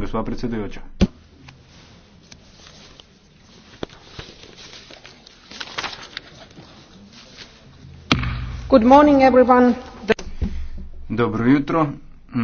Gospa predsedujoča. Good morning, everyone. Dobro jutro.